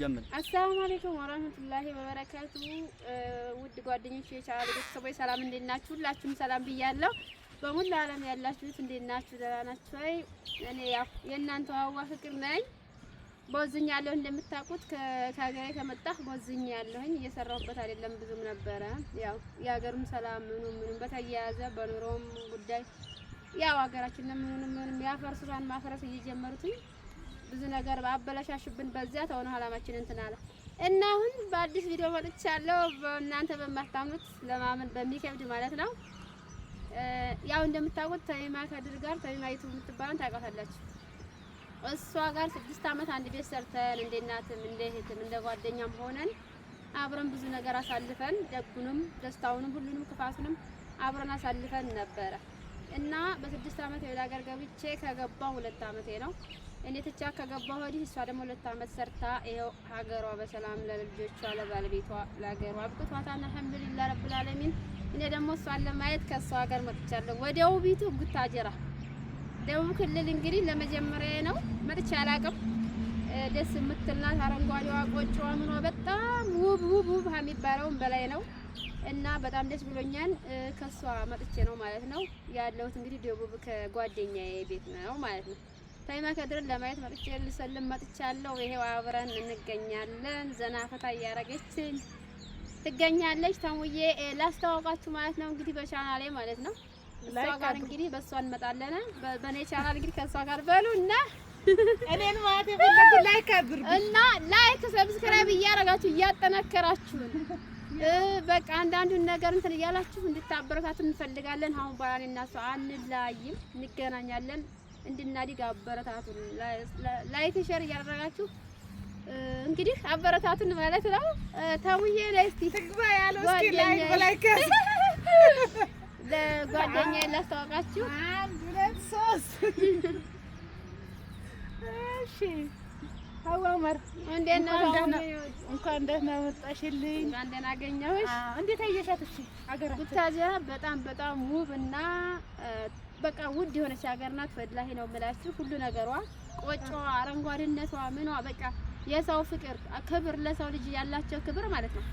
ጀምር። አሰላሙ አለይኩም ወራህመቱላሂ ወበረካቱ። ውድ ጓደኞች የቻናል ቤተሰቦች ሰላም እንዴት ናችሁ? ሁላችሁም ሰላም ብያለሁ። በሙሉ ዓለም ያላችሁት እንዴት ናችሁ? ደህና ናችሁ ወይ? እኔ ያው የእናንተ ዋዋ ፍቅር ነኝ። ቦዝኝ ያለሁ እንደምታውቁት ከሀገሬ ከመጣሁ ቦዝኝ ያለሁኝ እየሰራሁበት አይደለም ብዙም ነበረ። ያው የሀገሩም ሰላም ምኑም ምኑም በተያያዘ በኑሮም ጉዳይ ያው ሀገራችን ምንም ምንም ያፈርሱታን ማፍረስ እየጀመሩትኝ ብዙ ነገር አበላሻሽብን። በዚያ ተሆነ አላማችን እንትን አለ እና አሁን በአዲስ ቪዲዮ መጥቻለሁ። እናንተ በማታምኑት ለማመን በሚከብድ ማለት ነው። ያው እንደምታውቁት ተሚማ ከድር ጋር ተሚማ ይቱ የምትባለን ታውቃታላችሁ። እሷ ጋር ስድስት አመት አንድ ቤት ሰርተን እንደ እናትም እንደ እህትም እንደ ጓደኛም ሆነን አብረን ብዙ ነገር አሳልፈን ደጉንም ደስታውንም ሁሉንም ክፋቱንም አብረን አሳልፈን ነበረ እና በስድስት ዓመት ወደ ሀገር ገብቼ ከገባው ሁለት ዓመቴ ነው። እኔ ትቻ ከገባሁ ወዲህ እሷ ደግሞ ሁለት ዓመት ሰርታ ይኸው ሀገሯ በሰላም ለልጆቿ፣ ለባለቤቷ፣ ለሀገሯ አብቅቷታል። አልሐምዱሊላህ ረብል ዓለሚን። እኔ ደግሞ እሷን ለማየት ከእሷ ሀገር መጥቻለሁ። ወደ ውቢቱ ጉታጀራ ደቡብ ክልል እንግዲህ ለመጀመሪያ ነው መጥቼ አላውቅም። ደስ የምትልናት አረንጓዴዋ ቆጭዋ ምኗ በጣም ውብ ውብ ውብ የሚባለውን በላይ ነው እና በጣም ደስ ብሎኛል። ከእሷ መጥቼ ነው ማለት ነው ያለሁት። እንግዲህ ደቡብ ከጓደኛዬ ቤት ነው ማለት ነው። ተይመከድርን ለማየት መጥቼ ልሰልም መጥቻለሁ። ይሄው አብረን እንገኛለን። ዘና ፈታ እያረገችን ትገኛለች። ተሙዬ ላስተዋውቃችሁ ማለት ነው እንግዲህ በቻናሌ ማለት ነው እሷ ጋር እንግዲህ በእሷ እንመጣለን። በእኔ ቻናል እንግዲህ ከእሷ ጋር በሉ እና እኔን ማለት የፈለግን ላይክ አድርጉ እና ላይክ ሰብስክራይብ እያረጋችሁ እያጠናከራችሁን በቃ አንዳንዱን ነገር እንትን እያላችሁ እንድታበረታቱ እንፈልጋለን። አሁን ባላኔ እና እሷ አንላይም፣ እንገናኛለን እንድናድግ አበረታቱን። ላይክ ሼር እያደረጋችሁ እንግዲህ አበረታቱን ማለት ነው። ተሙዬ ለስቲ ትግባ ያለው እስኪ ላይክ ላይክ ለጓደኛዬ ላስተዋውቃችሁ። አንድ ሁለት ሶስት እሺ አዋመር እንዴት ነው? እንኳን ደህና መጣሽልኝ። እንኳን ደህና አገኘሁሽ። እንዴት አየሻት? እሺ አገራችን ብታዚያ በጣም በጣም ውብ እና በቃ ውድ የሆነች ሀገር ናት። ወላሂ ነው የምላችሁ። ሁሉ ነገሯ፣ ቆጮዋ፣ አረንጓዴነቷ፣ ምኗ በቃ የሰው ፍቅር ክብር፣ ለሰው ልጅ ያላቸው ክብር ማለት ነው።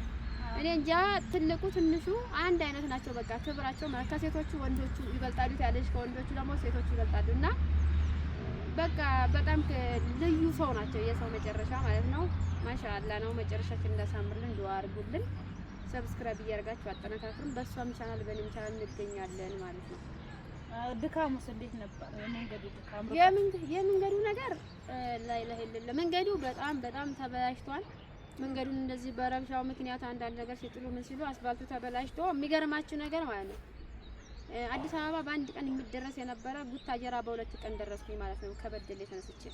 እኔ እንጃ ትልቁ ትንሹ አንድ አይነት ናቸው። በቃ ክብራቸው ከሴቶቹ ወንዶቹ ይበልጣሉ ያለች ከወንዶቹ ደግሞ ሴቶቹ ይበልጣሉ። እና በቃ በጣም ልዩ ሰው ናቸው። የሰው መጨረሻ ማለት ነው። ማሻአላ ነው። መጨረሻችን እንዳሳምርልን ዱአ አድርጉልን። ሰብስክራይብ እያደረጋችሁ አጠናካክሩን። በእሷም ቻናል በእኔም ቻናል እንገኛለን ማለት ነው። ድካሙስ እንዴት ነበር? የመንገዱ ድካም የመንገዱ ነገር ላይ ላይ መንገዱ በጣም በጣም ተበላሽቷል። መንገዱን እንደዚህ በረብሻው ምክንያት አንዳንድ ነገር ሲጥሉ ምን ሲሉ አስፋልቱ ተበላሽቶ የሚገርማችሁ ነገር ማለት ነው አዲስ አበባ በአንድ ቀን የሚደረስ የነበረ ቡታጀራ በሁለት ቀን ደረስኩኝ ማለት ነው። ከበደሌ ተነስቼ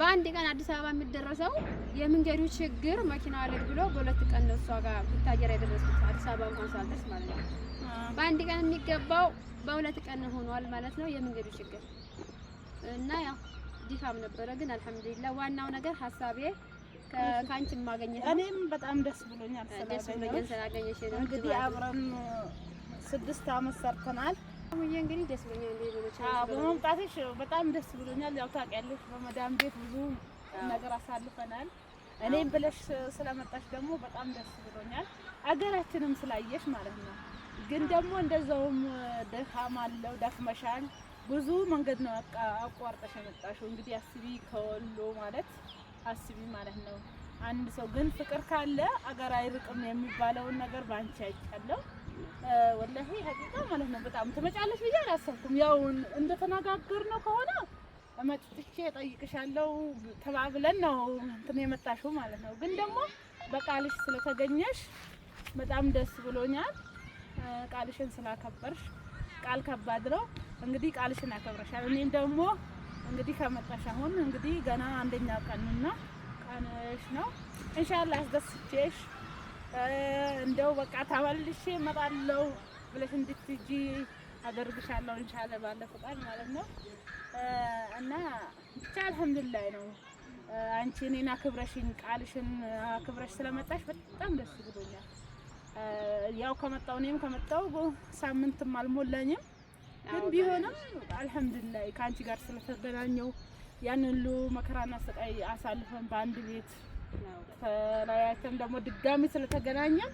በአንድ ቀን አዲስ አበባ የሚደረሰው የመንገዱ ችግር መኪና ልግ ብሎ በሁለት ቀን ነው እሷ ጋር ቡታጀራ የደረስኩት አዲስ አበባ እንኳን ሳልደርስ ማለት ነው። በአንድ ቀን የሚገባው በሁለት ቀን ሆኗል ማለት ነው የመንገዱ ችግር እና ያው ዲፋም ነበረ፣ ግን አልሐምዱሊላህ ዋናው ነገር ሀሳቤ ከአንቺ ማገኘት ነው። እኔም በጣም ደስ ብሎኛል ስላገኘሽ ነው። እንግዲህ አብረን ስድስት አመት ሰርተናል። ሙዬ እንግዲህ ደስ ብሎኛል በመምጣትሽ በጣም ደስ ብሎኛል። ያው ታውቂያለሽ በመዳም ቤት ብዙ ነገር አሳልፈናል። እኔም ብለሽ ስለመጣሽ ደግሞ በጣም ደስ ብሎኛል። አገራችንም ስላየሽ ማለት ነው ግን ደግሞ እንደዛውም ድካም አለው ደክመሻል፣ ብዙ መንገድ ነው አቋርጠሽ የመጣሽው። እንግዲህ አስቢ ከወሎ ማለት አስቢ ማለት ነው። አንድ ሰው ግን ፍቅር ካለ አገር አይርቅም የሚባለውን ነገር በአንቺ አይቻለሁ። ወላሂ ሀቂቃ ማለት ነው። በጣም ትመጫለሽ ብዬ አላሰብኩም። ያው ነው ከሆነ መጥቼ ጠይቅሻለሁ ተባብለን ነው እንትን የመጣሽው ማለት ነው። ግን ደግሞ በቃልሽ ስለተገኘሽ በጣም ደስ ብሎኛል። ቃልሽን ስላከበርሽ ቃል ከባድ ነው እንግዲህ ቃልሽን አከብረሻል። እኔ ደግሞ እንግዲህ ከመጣሽ አሁን እንግዲህ ገና አንደኛ ቀንና ቀንሽ ነው። ኢንሻአላህ አስደስቼሽ እንደው በቃ ተመልሼ እመጣለሁ ብለሽ እንድትጂ አደርግሻለሁ። ኢንሻአላህ ባለ ፈቃድ ማለት ነው እና ብቻ አልሐምዱሊላህ ነው አንቺ እኔን አክብረሽኝ ቃልሽን አክብረሽ ስለመጣሽ በጣም ደስ ብሎኛል። ያው ከመጣው እኔም ከመጣው ሳምንትም አልሞላኝም፣ ግን ቢሆንም አልሐምዱሊላህ ከአንቺ ጋር ስለተገናኘው ያን ሁሉ መከራና ስቃይ አሳልፈን በአንድ ቤት ተለያይተን ደግሞ ድጋሚ ስለተገናኘን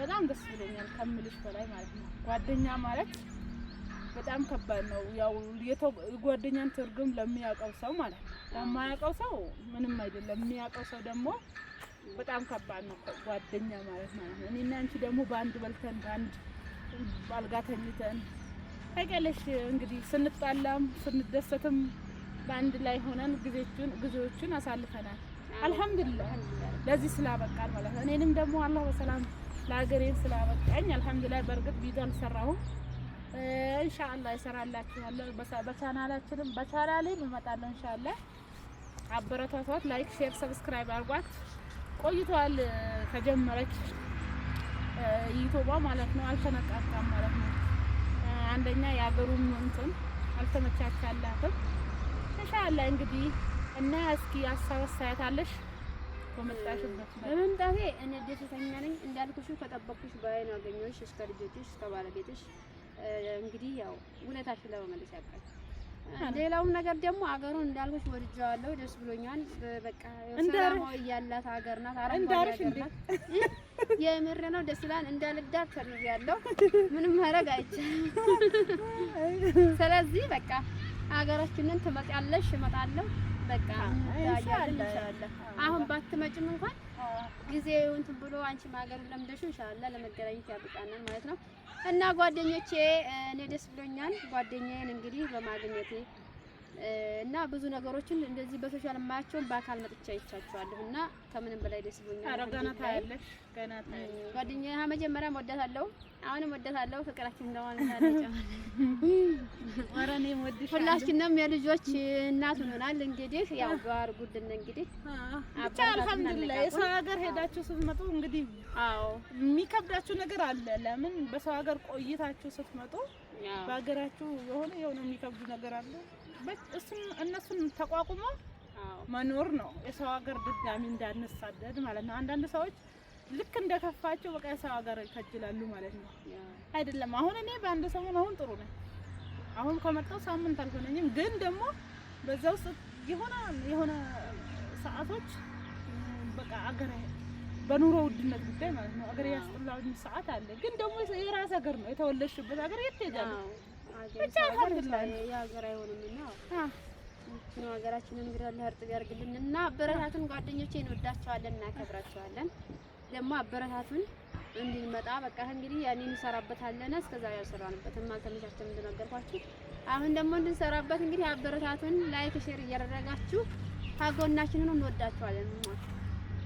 በጣም ደስ ብሎኛል ከምልሽ በላይ ማለት ነው። ጓደኛ ማለት በጣም ከባድ ነው። ያው ጓደኛን ትርጉም ለሚያውቀው ሰው ማለት ነው፣ ለማያውቀው ሰው ምንም አይደለም። የሚያውቀው ሰው ደግሞ በጣም ከባድ ነው ጓደኛ ማለት ማለት ነው። እኔና አንቺ ደግሞ በአንድ በልተን በአንድ አልጋ ተኝተን አይቀለሽ እንግዲህ ስንጣላም ስንደሰትም በአንድ ላይ ሆነን ጊዜዎቹን ጊዜዎቹን አሳልፈናል። አልሐምዱሊላህ ለዚህ ስላበቃል ማለት ነው። እኔንም ደግሞ አላህ በሰላም ለሀገሬ ስላበቃኝ አልሐምዱሊላህ። በእርግጥ ቪዲዮ አልሰራሁም። ኢንሻአላህ ይሰራላችኋለሁ። በቻናላችንም በቻናሌ እመጣለሁ። እንሻአላህ አበረታቷት። ላይክ፣ ሼር፣ ሰብስክራይብ አርጓት። ቆይተዋል ከጀመረች ይቶባ ማለት ነው። አልተነቃቃም ማለት ነው። አንደኛ የሀገሩም እንትን አልተመቻቻላትም። ተሻለ እንግዲህ እና እስኪ አሳወሳያታለሽ በመጣሽበት በመምጣቴ እኔ ደስተኛ ነኝ። እንዳልኩሽ ከጠበቅኩሽ በላይ ነው ያገኘሁሽ። እስከ ልጆችሽ እስከ ባለቤትሽ እንግዲህ ያው ውለታሽን ለመመለስ ያብቃሽ። ሌላውን ነገር ደግሞ አገሩን እንዳልኩሽ ወድጃዋለሁ፣ ደስ ብሎኛል። በቃ ሰላማዊ ያላት ሀገር ናት። አረንጓዴ የምር ነው፣ ደስ ይላል። እንዳልዳር ተርያለሁ፣ ምንም ማድረግ አይቻልም። ስለዚህ በቃ ሀገራችንን ትመጣለሽ፣ እመጣለሁ። በቃ አሁን ባትመጭም እንኳን ጊዜው እንትን ብሎ አንቺ ማገር ለምደሽ ኢንሻአላ ለመገናኘት ያብቃናል ማለት ነው። እና ጓደኞቼ እኔ ደስ ብሎኛል ጓደኛዬን እንግዲህ በማግኘቴ እና ብዙ ነገሮችን እንደዚህ በሶሻል ማያቸውን በአካል መጥቻ ይቻችኋለሁ እና ከምንም በላይ ደስ ብሎኛል። ገና ታያለሽ፣ ገና ታያለሽ። ጓደኛዬ መጀመሪያም ወዳታለሁ፣ አሁንም ወዳታለሁ። ፍቅራችን እንደማን ታለች። ሁላችንም የልጆች እናት ሆነናል። እንግዲህ ያው ጋር ጉድነ እንግዲህ ብቻ አልሐምዱሊላህ። የሰው ሀገር ሄዳችሁ ስትመጡ እንግዲህ አዎ የሚከብዳችሁ ነገር አለ። ለምን በሰው ሀገር ቆይታችሁ ስትመጡ በሀገራችሁ የሆነ የሆነ የሚከብዱ ነገር አለ እሱም እነሱን ተቋቁሞ መኖር ነው። የሰው ሀገር ድጋሚ እንዳንሳደድ ማለት ነው። አንዳንድ ሰዎች ልክ እንደከፋቸው በቃ የሰው ሀገር ይከጅላሉ ማለት ነው። አይደለም አሁን እኔ በአንድ ሰሞን አሁን ጥሩ ነኝ። አሁን ከመጣው ሳምንት አልሆነኝም፣ ግን ደግሞ በዛ ውስጥ የሆነ የሆነ ሰዓቶች በቃ አገር በኑሮ ውድነት ጉዳይ ማለት ነው አገር ያስጠላኝ ሰዓት አለ። ግን ደግሞ የራስ ሀገር ነው የተወለድሽበት ሀገር የት ትሄጃለሽ? ብቻ አልሀምዱሊላህ የሀገር አይሆንምና ነው ሀገራችንን እንግዲህ አላህ እርጥብ ያርግልንና አበረታቱን። ጓደኞቼ እንወዳቸዋለን፣ እናከብራቸዋለን። ደግሞ አበረታቱን እንድንመጣ በቃ እንግዲህ ያኔ እንሰራበታለን። እስከዛሬ አልሰራንበትም፣ አልተመቻቸም እንደነገርኳችሁ። አሁን ደግሞ እንድንሰራበት እንግዲህ አበረታቱን። ላይክ ሼር እያደረጋችሁ ታጎናችንን እንወዳቸዋለን።